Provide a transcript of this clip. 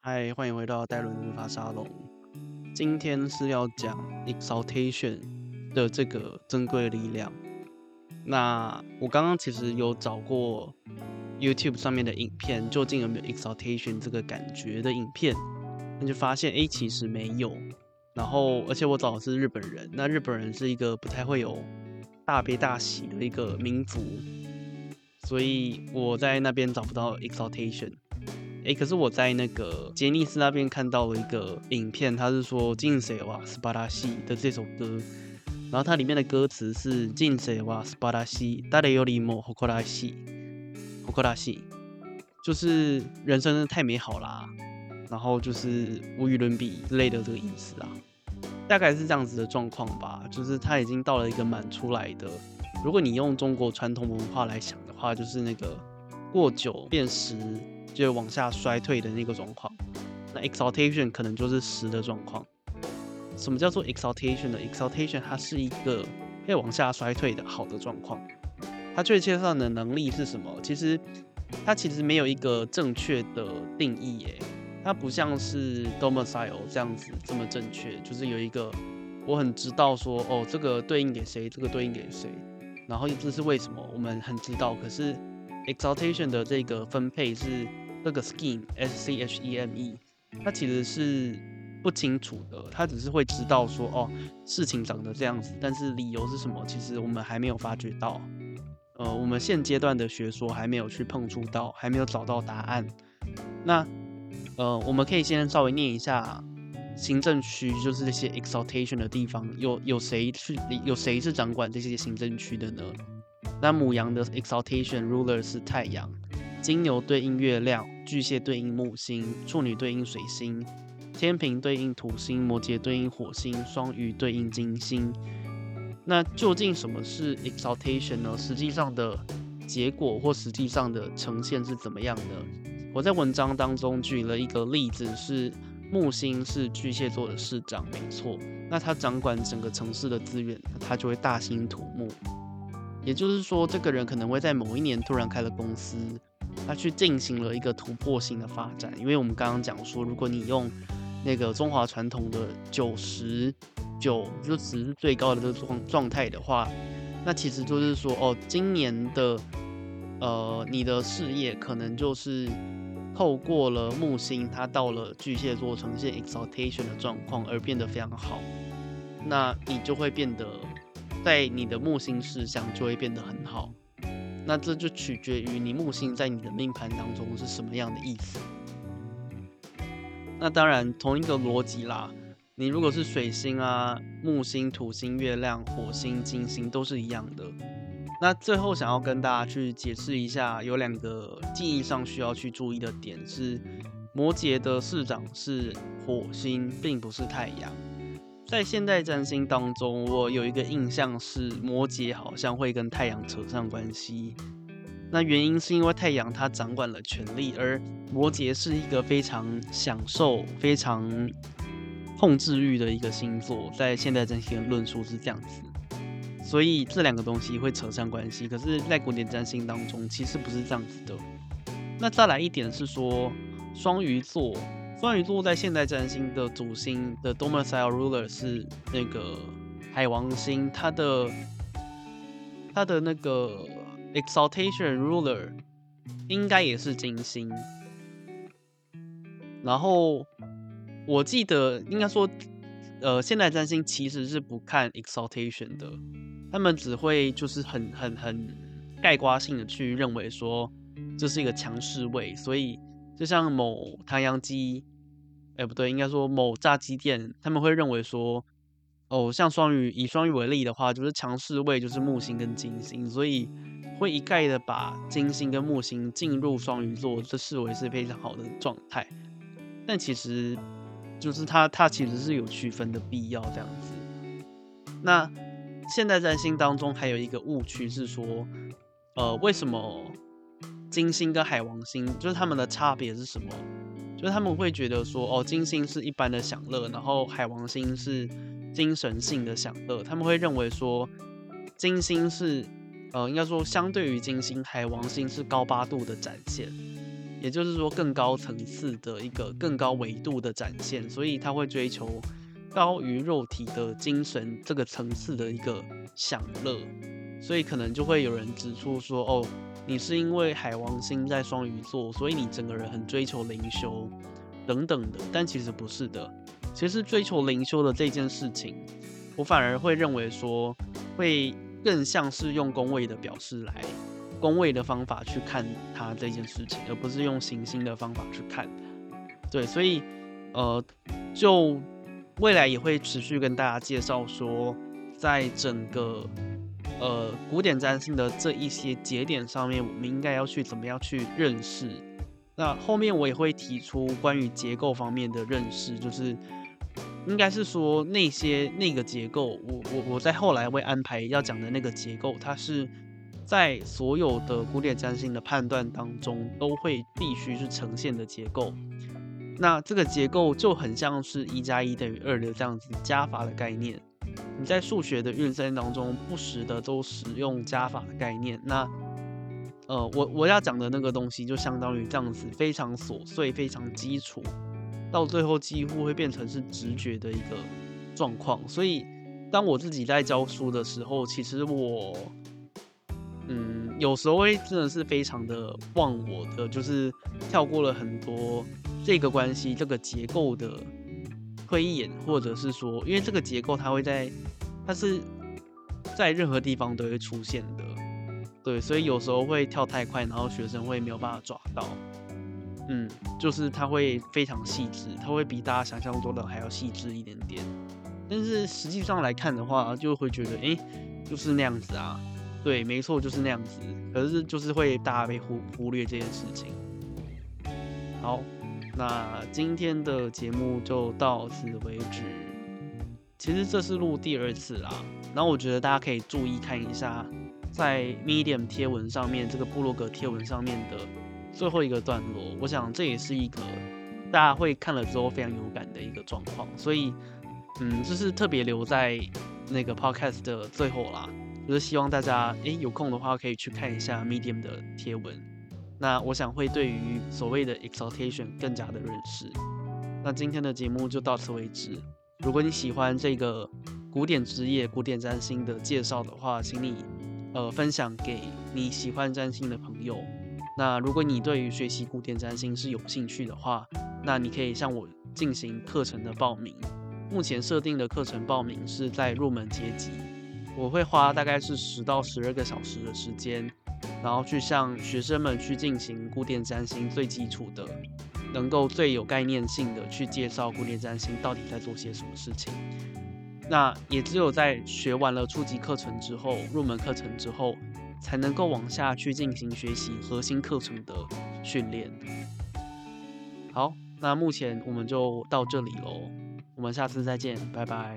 嗨，歡迎回到戴倫理髮沙龍。今天是要講 exaltation 的這個珍貴力量。那我剛剛其實有找過 YouTube 上面的影片，究竟有沒有 exaltation 這個感覺的影片？那就發現，哎、欸，其實沒有。然後，而且我找的是日本人，那日本人是一個不太會有大悲大喜的一個民族，所以我在那邊找不到 exaltation。誒，可是我在那個傑尼斯那邊看到了一個影片，他是說“人生は素晴らしい”的這首歌，然後它裡面的歌詞是“人生は素晴らしい，誰よりも，誇らしい，誇らしい”，就是人生真的太美好啦，然後就是無與倫比之類的這個意思啊，大概是這樣子的狀況吧。就是他已經到了一個蠻出來的，如果你用中國傳統文化來想的話，就是那個。過久變十就往下衰退的那個狀況。那 exaltation 可能就是十的狀況。什麼叫做 exaltation 呢？exaltation 它是一個會往下衰退的好的狀況。它確切上的能力是什麼？其實它其實沒有一個正確的定義耶。它不像是 domicile 這樣子這麼正確，就是有一個我很知道說，哦，這個對應給誰？這個對應給誰？然後這是為什麼？我們很知道，可是。Exaltation 的這個分配是這個 scheme，s c h e m e，它其實是不清楚的，它只是會知道說哦，事情長得這樣子，但是理由是什麼，其實我們還沒有發覺到，呃，我們現階段的學說還沒有去碰觸到，還沒有找到答案。那呃，我們可以先稍微念一下行政區，就是這些 Exaltation 的地方，有有誰是，有誰是掌管這些行政區的呢？那牡羊的 exaltation ruler 是太陽，金牛對應月亮，巨蟹對應木星，處女對應水星，天秤對應土星，摩羯對應火星，雙魚對應金星。那究竟什麼是 exaltation 呢？實際上的結果或實際上的呈現是怎麼樣的？我在文章當中舉了一個例子，是木星是巨蟹座的市長，沒錯。那他掌管整個城市的資源，他就會大興土木。也就是說，這個人可能會在某一年突然開了公司，他去進行了一個突破性的發展。因為我們剛剛講說，如果你用那個中華傳統的九十九，就只是最高的這個狀狀態的話，那其實就是說，哦，今年的呃，你的事業可能就是透過了木星，它到了巨蟹座呈現 exaltation 的狀況，而變得非常好，那你就會變得。在你的木星事項就會變得很好，那這就取決於你木星在你的命盤當中是什麼樣的意思。那當然，同一個邏輯啦，你如果是水星啊、木星、土星、月亮、火星、金星都是一樣的。那最後想要跟大家去解釋一下，有兩個記憶上需要去注意的點是：摩羯的市長是火星，並不是太陽。在現代占星當中，我有一個印象是摩羯好像會跟太陽扯上關係。那原因是因為太陽它掌管了權力，而摩羯是一個非常享受、非常控制欲的一個星座。在現代占星的論述是這樣子，所以這兩個東西會扯上關係。可是，在古典占星當中，其實不是這樣子的。那再來一點是說雙魚座。關於落在現代占星的主星的 domicile ruler 是那個海王星，它的它的那個 exaltation ruler 應該也是金星。然後我記得應該說，呃，現代占星其實是不看 exaltation 的，他們只會就是很很很概括性的去認為說這就是一個強勢位，所以。就像某唐揚雞，哎、欸，不對，應該說某炸雞店，他們會認為說，哦，像雙魚，以雙魚為例的話，就是強勢位就是木星跟金星，所以會一概的把金星跟木星進入雙魚座，這視為是非常好的狀態。但其實，就是它它其實是有區分的必要這樣子。那現代占星當中還有一個誤區是說，呃，為什麼？金星跟海王星就是他們的差別是什麼？就是他們會覺得說，哦，金星是一般的享樂，然後海王星是精神性的享樂。他們會認為說，金星是，呃，應該說相對於金星，海王星是高八度的展現，也就是說更高層次的一個更高維度的展現。所以他會追求高於肉體的精神這個層次的一個享樂。所以可能就會有人指出說，哦，你是因為海王星在雙魚座，所以你整個人很追求靈修等等的，但其實不是的。其實追求靈修的這件事情，我反而會認為說，會更像是用宮位的表示來，宮位的方法去看它這件事情，而不是用行星的方法去看。對，所以呃，就未來也會持續跟大家介紹說，在整個。呃，古典占星的這一些節點上面，我們應該要去怎麼樣去認識？那後面我也會提出關於結構方面的認識，就是應該是說那些那個結構，我我我在後來會安排要講的那個結構，它是在所有的古典占星的判斷當中都會必須是呈現的結構。那這個結構就很像是“一加一等於二”的這樣子加法的概念。你在數學的運算當中，不時的都使用加法的概念。那，呃，我我要講的那個東西，就相當於這樣子，非常瑣碎，非常基礎，到最後幾乎會變成是直覺的一個狀況。所以，當我自己在教書的時候，其實我，嗯，有時候會真的是非常的忘我的，就是跳過了很多這個關係、這個結構的。推演，或者是說，因為這個結構它會在，它是，在任何地方都會出現的，對，所以有時候會跳太快，然後學生會沒有辦法抓到，嗯，就是它會非常細緻，它會比大家想象中的還要細緻一點點，但是實際上來看的話，就會覺得，哎、欸，就是那樣子啊，對，沒錯，就是那樣子，可是就是會大家被忽忽略這件事情，好。那今天的節目就到此為止。其實這是錄第二次啦，然後我覺得大家可以注意看一下，在 Medium 貼文上面這個部落格貼文上面的最後一個段落，我想這也是一個大家會看了之後非常有感的一個狀況，所以嗯，就是特別留在那個 Podcast 的最後啦，就是希望大家誒、欸，有空的話可以去看一下 Medium 的貼文。那我想會對於所謂的 exaltation 更加的認識。那今天的節目就到此為止。如果你喜歡這個古典職業、古典占星的介紹的話，請你呃，分享給你喜歡占星的朋友。那如果你對於學習古典占星是有興趣的話，那你可以向我進行課程的報名。目前設定的課程報名是在入門階級，我會花大概是十到十二個小時的時間。然後去向學生們去進行古典占星最基礎的，能夠最有概念性的去介紹古典占星到底在做些什麼事情。那也只有在學完了初級課程之後，入門課程之後，才能夠往下去進行學習核心課程的訓練。好，那目前我們就到這裡嘍，我們下次再見，拜拜。